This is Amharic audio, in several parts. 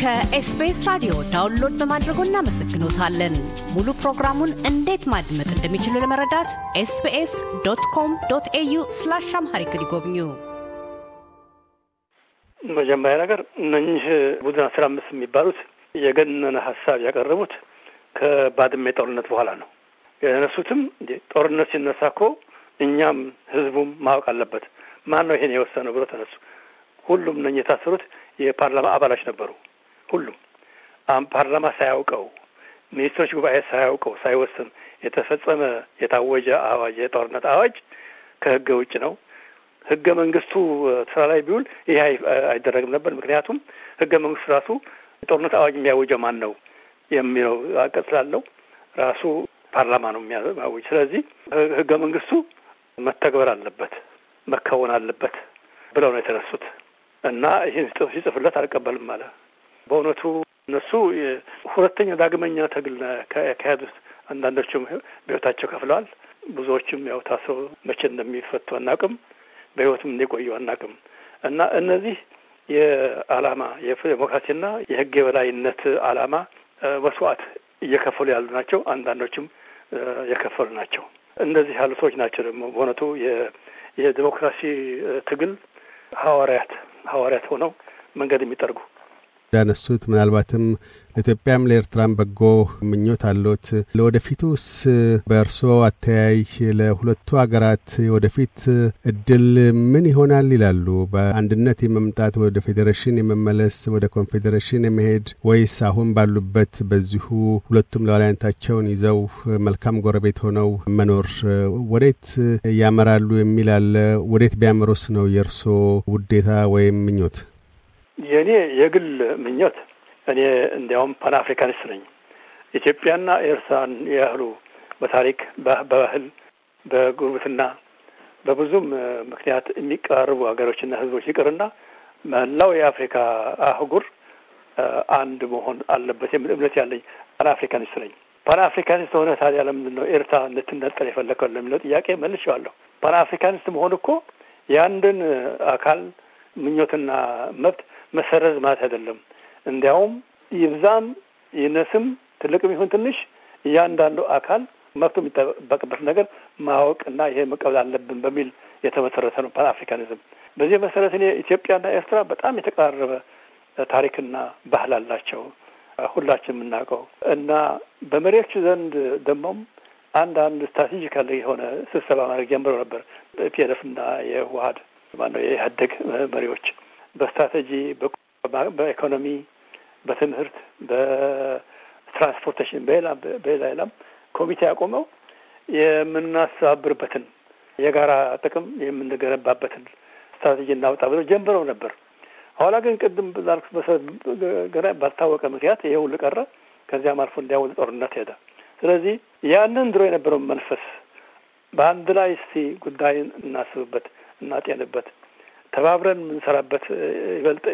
ከኤስቢኤስ ራዲዮ ዳውንሎድ በማድረጎ እናመሰግኖታለን። ሙሉ ፕሮግራሙን እንዴት ማድመጥ እንደሚችሉ ለመረዳት ኤስቢኤስ ዶት ኮም ዶት ኤዩ ስላሽ አምሃሪክ ይጎብኙ። መጀመሪያ ነገር እነኚህ ቡድን አስራ አምስት የሚባሉት የገነነ ሀሳብ ያቀረቡት ከባድሜ ጦርነት በኋላ ነው። የነሱትም ጦርነት ሲነሳ እኮ እኛም ህዝቡም ማወቅ አለበት፣ ማን ነው ይሄን የወሰነው ብሎ ተነሱ። ሁሉም እነኚህ የታሰሩት የፓርላማ አባላች ነበሩ። ሁሉ ፓርላማ ሳያውቀው ሚኒስትሮች ጉባኤ ሳያውቀው ሳይወስን የተፈጸመ የታወጀ አዋጅ የጦርነት አዋጅ ከህገ ውጭ ነው። ህገ መንግስቱ ስራ ላይ ቢውል ይህ አይደረግም ነበር። ምክንያቱም ህገ መንግስቱ ራሱ የጦርነት አዋጅ የሚያውጀው ማን ነው የሚለው አቀጽ ስላለው ራሱ ፓርላማ ነው የሚያውጅ። ስለዚህ ህገ መንግስቱ መተግበር አለበት፣ መከወን አለበት ብለው ነው የተነሱት እና ይህን ሲጽፍለት አልቀበልም ማለት በእውነቱ እነሱ ሁለተኛ ዳግመኛ ትግል ያካሄዱት አንዳንዶቹም በህይወታቸው ከፍለዋል። ብዙዎችም ያው ታስረው መቼ እንደሚፈቱ አናውቅም፣ በህይወትም እንዲቆዩ አናውቅም። እና እነዚህ የአላማ የዲሞክራሲና የህግ የበላይነት አላማ መስዋዕት እየከፈሉ ያሉ ናቸው። አንዳንዶችም የከፈሉ ናቸው። እነዚህ ያሉ ሰዎች ናቸው ደግሞ በእውነቱ የዲሞክራሲ ትግል ሐዋርያት ሐዋርያት ሆነው መንገድ የሚጠርጉ ያነሱት ምናልባትም ለኢትዮጵያም ለኤርትራም በጎ ምኞት አሎት። ለወደፊቱስ በእርስዎ አተያይ ለሁለቱ ሀገራት ወደፊት እድል ምን ይሆናል ይላሉ? በአንድነት የመምጣት ወደ ፌዴሬሽን የመመለስ ወደ ኮንፌዴሬሽን የመሄድ ወይስ አሁን ባሉበት በዚሁ ሁለቱም ሉዓላዊነታቸውን ይዘው መልካም ጎረቤት ሆነው መኖር ወዴት ያመራሉ የሚል አለ። ወዴት ቢያምሩስ ነው የእርሶ ውዴታ ወይም ምኞት? የእኔ የግል ምኞት እኔ እንዲያውም ፓን አፍሪካኒስት ነኝ። ኢትዮጵያና ኤርትራን ያህሉ በታሪክ በባህል፣ በጉርብትና በብዙም ምክንያት የሚቀራርቡ ሀገሮችና ህዝቦች ይቅርና መላው የአፍሪካ አህጉር አንድ መሆን አለበት የሚል እምነት ያለኝ ፓን አፍሪካኒስት ነኝ። ፓን አፍሪካኒስት ሆነ ታዲያ ለምንድን ነው ኤርትራ እንድትነጠል የፈለከው ለሚለው ጥያቄ መልሼዋለሁ። ፓን አፍሪካኒስት መሆን እኮ የአንድን አካል ምኞትና መብት መሰረዝ ማለት አይደለም። እንዲያውም ይብዛም ይነስም ትልቅም ይሁን ትንሽ እያንዳንዱ አካል መብቱ የሚጠበቅበት ነገር ማወቅና ይሄ መቀበል አለብን በሚል የተመሰረተ ነው ፓን አፍሪካኒዝም። በዚህ መሰረት እኔ ኢትዮጵያና ኤርትራ በጣም የተቀራረበ ታሪክና ባህል አላቸው፣ ሁላችን የምናውቀው እና በመሪዎች ዘንድ ደግሞም አንዳንድ ስትራቴጂካል የሆነ ስብሰባ ማድረግ ጀምረው ነበር። ፒኤልኤፍና የህወሀድ ማነው የኢህአዴግ መሪዎች በስትራቴጂ፣ በኢኮኖሚ፣ በትምህርት፣ በትራንስፖርቴሽን፣ በሌላ ሌላም ኮሚቴ ያቆመው የምናስተባብርበትን የጋራ ጥቅም የምንገነባበትን ስትራቴጂ እናውጣ ብለው ጀምረው ነበር። ኋላ ግን ቅድም ላልኩት መሰረት ገና ባልታወቀ ምክንያት ይሄ ሁሉ ቀረ። ከዚያም አልፎ እንዲያውም ጦርነት ሄደ። ስለዚህ ያንን ድሮ የነበረውን መንፈስ በአንድ ላይ እስቲ ጉዳይን እናስብበት፣ እናጤንበት ተባብረን የምንሰራበት ይበልጥ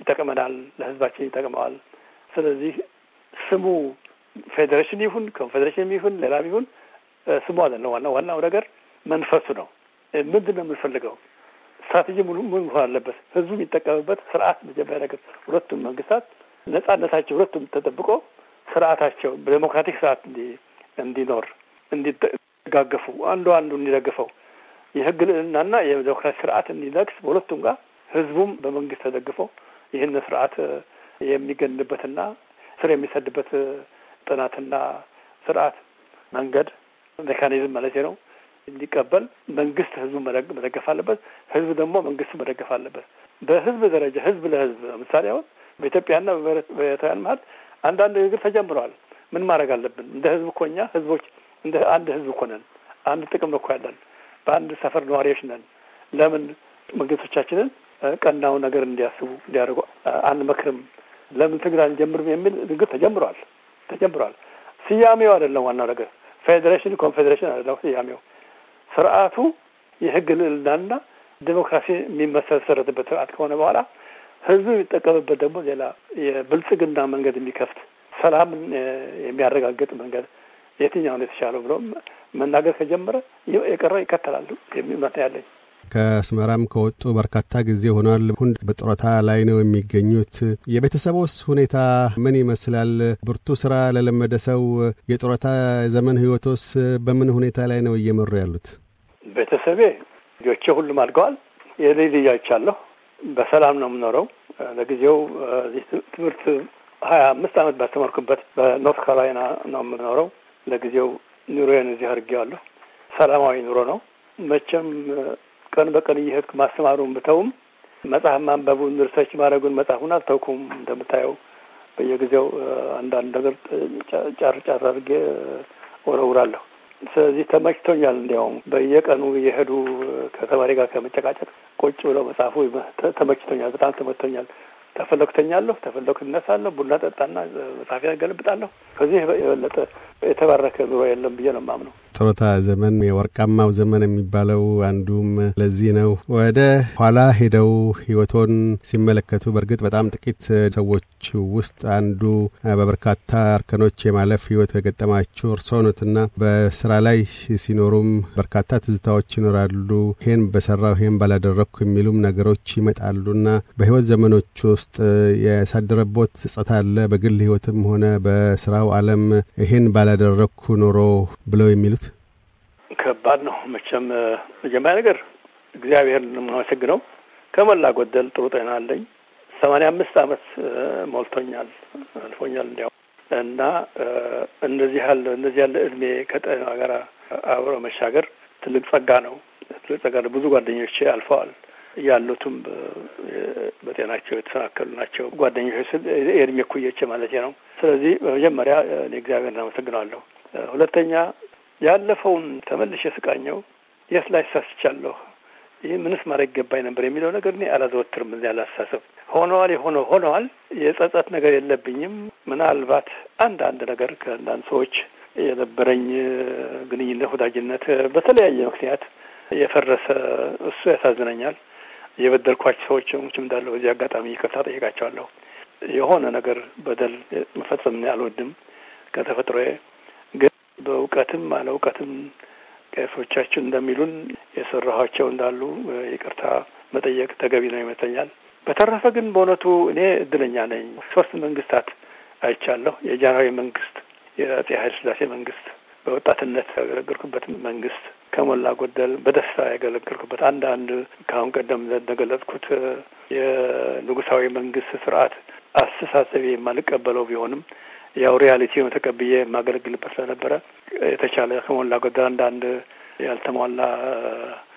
ይጠቅመናል፣ ለህዝባችን ይጠቅመዋል። ስለዚህ ስሙ ፌዴሬሽን ይሁን ኮንፌዴሬሽን ይሁን ሌላም ይሁን ስሙ አይደለም ዋና ዋናው ነገር መንፈሱ ነው። ምንድን ነው የምንፈልገው? ስትራቴጂ ሙሉ ሙሉ መሆን አለበት? ህዝቡ የሚጠቀምበት ስርዓት መጀመሪያ ነገር፣ ሁለቱም መንግስታት ነጻነታቸው ሁለቱም ተጠብቆ ስርዓታቸው በዴሞክራቲክ ስርዓት እንዲኖር እንዲደጋገፉ አንዱ አንዱ እንዲደግፈው የህግ ልዕልናና የዲሞክራሲ ስርዓት እንዲነግስ በሁለቱም ጋር ህዝቡም በመንግስት ተደግፎ ይህን ስርዓት የሚገንበትና ስር የሚሰድበት ጥናትና ስርዓት መንገድ ሜካኒዝም ማለት ነው እንዲቀበል መንግስት ህዝቡ መደገፍ አለበት። ህዝብ ደግሞ መንግስቱ መደገፍ አለበት። በህዝብ ደረጃ ህዝብ ለህዝብ ለምሳሌ አሁን በኢትዮጵያና በኤርትራውያን መሀል አንዳንድ ንግግር ተጀምረዋል። ምን ማድረግ አለብን? እንደ ህዝብ እኮ እኛ ህዝቦች እንደ አንድ ህዝብ እኮ ነን። አንድ ጥቅም ነው እኮ ያለን በአንድ ሰፈር ነዋሪዎች ነን። ለምን መንግስቶቻችንን ቀናው ነገር እንዲያስቡ እንዲያደርጉ አንመክርም? ለምን ትግል አንጀምርም? የሚል ንግግር ተጀምሯል ተጀምሯል። ስያሜው አይደለም ዋናው ነገር። ፌዴሬሽን ኮንፌዴሬሽን አይደለም ስያሜው። ስርዓቱ የህግ ልዕልናና ዴሞክራሲ የሚመሰረትበት ስርዓት ከሆነ በኋላ ህዝቡ የሚጠቀምበት ደግሞ ሌላ የብልጽግና መንገድ የሚከፍት ሰላምን የሚያረጋግጥ መንገድ የትኛውን የተሻለው ብሎም መናገር ከጀመረ የቀረው ይከተላሉ የሚል መታ ያለኝ። ከአስመራም ከወጡ በርካታ ጊዜ ሆኗል። ሁን በጡረታ ላይ ነው የሚገኙት። የቤተሰቦስ ሁኔታ ምን ይመስላል? ብርቱ ስራ ለለመደ ሰው የጡረታ ዘመን ህይወቶስ በምን ሁኔታ ላይ ነው እየመሩ ያሉት? ቤተሰቤ ልጆቼ ሁሉም አድገዋል። የልጅ ልያች አለሁ። በሰላም ነው የምኖረው። ለጊዜው ትምህርት ሀያ አምስት አመት ባስተማርኩበት በኖርት ካሮላይና ነው የምኖረው። ለጊዜው ኑሮዬን እዚህ አድርጌዋለሁ። ሰላማዊ ኑሮ ነው። መቼም ቀን በቀን እየሄድኩ ማስተማሩን ብተውም መጽሐፍ ማንበቡን ሪሰርች ማድረጉን መጽሐፉን አልተውኩም። እንደምታየው በየጊዜው አንዳንድ ነገር ጫር ጫር አድርጌ ወረውራለሁ። ስለዚህ ተመችቶኛል። እንዲያውም በየቀኑ እየሄዱ ከተማሪ ጋር ከመጨቃጨቅ ቁጭ ብለው መጽሐፉ ተመችቶኛል፣ በጣም ተመችቶኛል። ተፈለኩ ተኛለሁ፣ ተፈለኩ እነሳለሁ፣ ቡና ጠጣና መጽሐፊያ ገለብጣለሁ። ከዚህ የበለጠ የተባረከ ኑሮ የለም ብዬ ነው የማምነው። የጡረታ ዘመን የወርቃማው ዘመን የሚባለው አንዱም ለዚህ ነው። ወደ ኋላ ሄደው ህይወቶን ሲመለከቱ በእርግጥ በጣም ጥቂት ሰዎች ውስጥ አንዱ በበርካታ እርከኖች የማለፍ ህይወት የገጠማችሁ እርስዎ ኖትና በስራ ላይ ሲኖሩም በርካታ ትዝታዎች ይኖራሉ። ይሄን በሰራው ይሄን ባላደረግኩ የሚሉም ነገሮች ይመጣሉና በህይወት ዘመኖች ውስጥ ያሳደረቦት ጸጸት አለ በግል ህይወትም ሆነ በስራው አለም ይሄን ባላደረግኩ ኖሮ ብለው የሚሉት ከባድ ነው መቼም። መጀመሪያ ነገር እግዚአብሔርን የማመሰግነው ከመላ ጎደል ጥሩ ጤና አለኝ። ሰማንያ አምስት አመት ሞልቶኛል አልፎኛል እንዲያው እና እንደዚህ ያለ እንደዚህ ያለ እድሜ ከጤና ጋር አብሮ መሻገር ትልቅ ጸጋ ነው። ትልቅ ጸጋ ነው። ብዙ ጓደኞች አልፈዋል። ያሉትም በጤናቸው የተሰናከሉ ናቸው። ጓደኞች ስል የእድሜ ኩዮቼ ማለት ነው። ስለዚህ በመጀመሪያ እኔ እግዚአብሔር አመሰግናለሁ። ሁለተኛ ያለፈውን ተመልሼ ስቃኘው የት ላይ ሳስቻለሁ፣ ይህ ምንስ ማድረግ ይገባኝ ነበር የሚለው ነገር እኔ አላዘወትርም። እዚህ ላሳሰብ ሆነዋል የሆነ ሆነዋል። የጸጸት ነገር የለብኝም። ምናልባት አንዳንድ ነገር ከአንዳንድ ሰዎች የነበረኝ ግንኙነት፣ ወዳጅነት በተለያየ ምክንያት የፈረሰ እሱ ያሳዝነኛል። የበደልኳቸው ሰዎች ሙችም እንዳለው በዚህ አጋጣሚ ይቅርታ ጠይቃቸዋለሁ። የሆነ ነገር በደል መፈጸም አልወድም ከተፈጥሮዬ በእውቀትም አለ እውቀትም ቀሲሶቻችን እንደሚሉን የሰራኋቸው እንዳሉ ይቅርታ መጠየቅ ተገቢ ነው ይመስለኛል። በተረፈ ግን በእውነቱ እኔ እድለኛ ነኝ። ሶስት መንግስታት አይቻለሁ። የጃንሆይ መንግስት፣ የአጼ ኃይለ ሥላሴ መንግስት፣ በወጣትነት ያገለገልኩበት መንግስት ከሞላ ጎደል በደስታ ያገለገልኩበት አንዳንድ ከአሁን ቀደም እንደገለጽኩት የንጉሳዊ መንግስት ስርዓት አስተሳሰቤ የማልቀበለው ቢሆንም ያው ነው ተቀብዬ የማገለግልበት ስለነበረ የተቻለ ከሞላ ጎደል አንዳንድ ያልተሟላ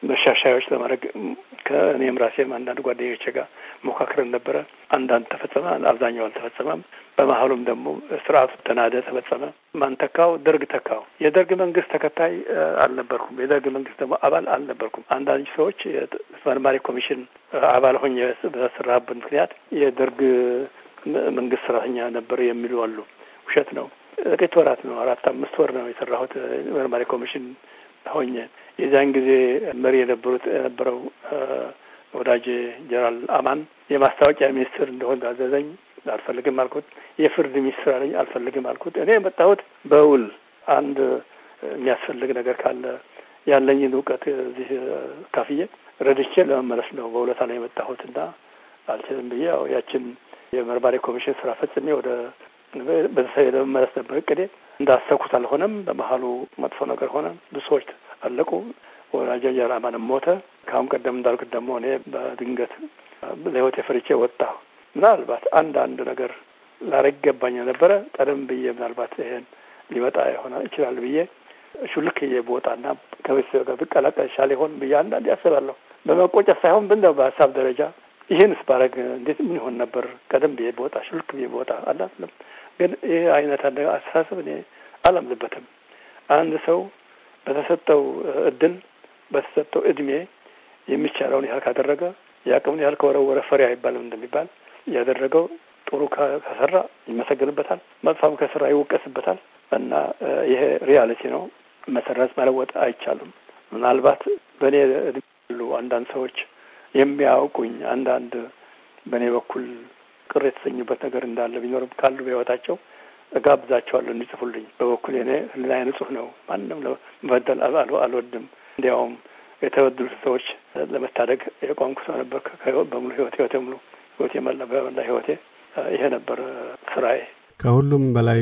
መሻሻዮች ለማድረግ ከእኔም ራሴም አንዳንድ ጓደኞች ጋር ሞካክረን ነበረ። አንዳንድ ተፈጸመ፣ አብዛኛው አልተፈጸመም። በመሀሉም ደግሞ ስርዓቱ ተናደ፣ ተፈጸመ። ማን ተካው? ደርግ ተካው። የደርግ መንግስት ተከታይ አልነበርኩም። የደርግ መንግስት ደግሞ አባል አልነበርኩም። አንዳንድ ሰዎች መርማሪ ኮሚሽን አባል ሆኜ በስራብን ምክንያት የደርግ መንግስት ሰራተኛ ነበር የሚሉ አሉ። ውሸት ነው። ጥቂት ወራት ነው፣ አራት አምስት ወር ነው የሰራሁት መርማሪ ኮሚሽን ሆኜ። የዚያን ጊዜ መሪ የነበሩት የነበረው ወዳጅ ጀነራል አማን የማስታወቂያ ሚኒስትር እንደሆን ታዘዘኝ። አልፈልግም አልኩት። የፍርድ ሚኒስትር አለኝ። አልፈልግም አልኩት። እኔ የመጣሁት በውል አንድ የሚያስፈልግ ነገር ካለ ያለኝን እውቀት እዚህ ካፍዬ ረድቼ ለመመለስ ነው በውለታ ላይ የመጣሁት እና አልችልም ብዬ ያው ያችን የመርማሪ ኮሚሽን ስራ ፈጽሜ ወደ መለስ ነበር እቅዴ እንዳሰብኩት አልሆነም። በመሀሉ መጥፎ ነገር ሆነ። ብዙ ሰዎች አለቁ። ወዳጄ ጀራማንም ሞተ። ከአሁን ቀደም እንዳልኩት ደግሞ እኔ በድንገት ለህይወቴ ፈርቼ ወጣሁ። ምናልባት አንዳንድ ነገር ላረግ ይገባኝ ነበረ። ቀደም ብዬ ምናልባት ይሄን ሊመጣ ይሆና ይችላል ብዬ ሹልክዬ ብወጣና ከቤተሰብ ጋር ብቀላቀል ይሻል ይሆን ብዬ አንዳንድ ያስባለሁ። በመቆጨት ሳይሆን ብንደው በሀሳብ ደረጃ ይህን ባረግ እንዴት ምን ይሆን ነበር? ቀደም ብዬ በወጣ ሽልክ ብዬ በወጣ አላለም። ግን ይህ አይነት አደ አስተሳሰብ እኔ አላምንበትም። አንድ ሰው በተሰጠው እድል በተሰጠው እድሜ የሚቻለውን ያህል ካደረገ የአቅሙን ያህል ከወረወረ ፈሪ አይባልም እንደሚባል ያደረገው ጥሩ ከሰራ ይመሰገንበታል፣ መጥፋም ከስራ ይወቀስበታል። እና ይሄ ሪያልቲ ነው። መሰረዝ መለወጥ አይቻሉም። ምናልባት በእኔ እድሜ ያሉ አንዳንድ ሰዎች የሚያውቁኝ አንዳንድ በእኔ በኩል ቅር የተሰኙበት ነገር እንዳለ ቢኖርም ካሉ በህይወታቸው እጋብዛቸዋለሁ እንዲጽፉልኝ። በበኩል እኔ ሕሊናዬ ንጹህ ነው። ማንም ለመበደል አልወድም። እንዲያውም የተበደሉት ሰዎች ለመታደግ የቆምኩ ሰው ነበር። በሙሉ ሕይወቴ ህይወቴ ሙሉ ህይወቴ መላ በመላ ህይወቴ ይሄ ነበር ስራዬ። ከሁሉም በላይ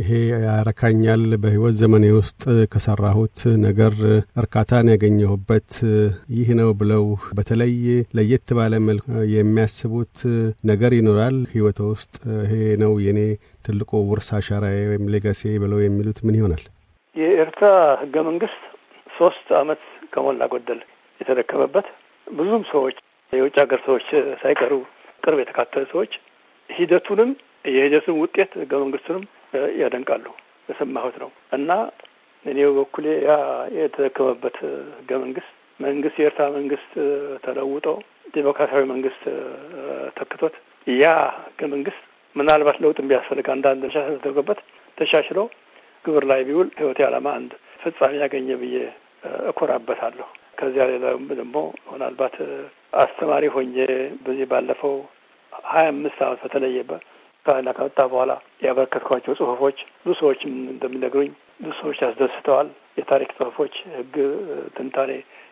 ይሄ ያረካኛል። በህይወት ዘመኔ ውስጥ ከሰራሁት ነገር እርካታን ያገኘሁበት ይህ ነው ብለው በተለይ ለየት ባለ መልኩ የሚያስቡት ነገር ይኖራል። ህይወት ውስጥ ይሄ ነው የኔ ትልቁ ውርስ አሻራዬ ወይም ሌጋሴ ብለው የሚሉት ምን ይሆናል? የኤርትራ ህገ መንግስት ሶስት አመት ከሞላ ጎደል የተረከበበት ብዙም ሰዎች የውጭ ሀገር ሰዎች ሳይቀሩ ቅርብ የተካተሉ ሰዎች ሂደቱንም የሂደቱን ውጤት ህገ መንግስቱንም ያደንቃሉ። የሰማሁት ነው እና እኔ በኩሌ ያ የተደከመበት ህገ መንግስት መንግስት የኤርትራ መንግስት ተለውጦ ዴሞክራሲያዊ መንግስት ተክቶት ያ ህገ መንግስት ምናልባት ለውጥ ቢያስፈልግ አንዳንድ ተሻሽሎ ተደርጎበት ተሻሽሎ ግብር ላይ ቢውል ህይወቴ ዓላማ አንድ ፍጻሜ ያገኘ ብዬ እኮራበታለሁ። ከዚያ ሌላ ደግሞ ምናልባት አስተማሪ ሆኜ በዚህ ባለፈው ሀያ አምስት አመት በተለየበት በኋላ ከመጣ በኋላ ያበረከትኳቸው ጽሁፎች ብዙ ሰዎች እንደሚነግሩኝ ብዙ ሰዎች ያስደስተዋል። የታሪክ ጽሁፎች፣ ህግ ትንታኔ፣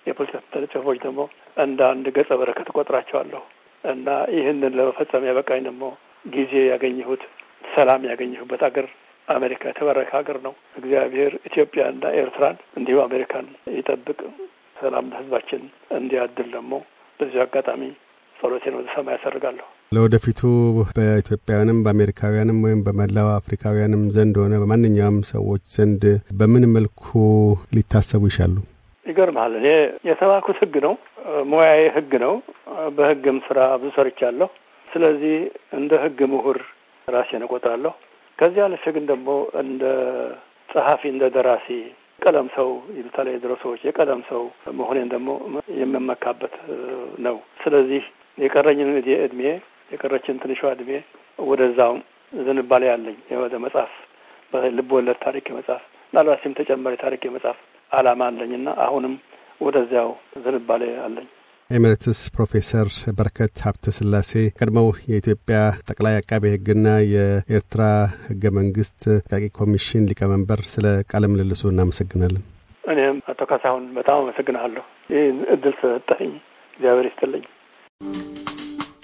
የፖለቲካ ትንታኔ ጽሁፎች ደግሞ እንደ አንድ ገጸ በረከት ቆጥራቸዋለሁ እና ይህንን ለመፈጸም ያበቃኝ ደግሞ ጊዜ ያገኘሁት ሰላም ያገኘሁበት አገር አሜሪካ የተባረከ ሀገር ነው። እግዚአብሔር ኢትዮጵያና ኤርትራን እንዲሁም አሜሪካን ይጠብቅ፣ ሰላም ለህዝባችን እንዲያድል ደግሞ በዚሁ አጋጣሚ ጸሎቴን ወደ ሰማይ ያሰርጋለሁ። ለወደፊቱ በኢትዮጵያውያንም በአሜሪካውያንም ወይም በመላው አፍሪካውያንም ዘንድ ሆነ በማንኛውም ሰዎች ዘንድ በምን መልኩ ሊታሰቡ ይሻሉ? ይገርማል። እኔ የተባኩት ህግ ነው፣ ሙያዬ ህግ ነው። በህግም ስራ ብዙ ሰርቻለሁ። ስለዚህ እንደ ህግ ምሁር ራሴን እቆጥራለሁ። ከዚህ አለሽ ግን ደግሞ እንደ ጸሐፊ፣ እንደ ደራሲ ቀለም ሰው ይሉታል የድሮ ሰዎች። የቀለም ሰው መሆኔን ደግሞ የምመካበት ነው። ስለዚህ የቀረኝን እድሜ የቀረችን ትንሿ እድሜ ወደዛው ዝንባሌ ያለኝ የወደ መጽሐፍ በልብ ወለድ ታሪክ የመጽሐፍ ምናልባት ሲም ተጨማሪ ታሪክ የመጽሐፍ አላማ አለኝና አሁንም ወደዚያው ዝንባሌ አለኝ። ኤሜሪትስ ፕሮፌሰር በረከት ሀብተ ስላሴ ቀድሞው የኢትዮጵያ ጠቅላይ አቃቤ ሕግና የኤርትራ ሕገ መንግስት አቃቂ ኮሚሽን ሊቀመንበር፣ ስለ ቃለ ምልልሱ እናመሰግናለን። እኔም አቶ ካሳሁን በጣም አመሰግናለሁ። ይህ እድል ስለሰጠኝ እግዚአብሔር ይስጥልኝ።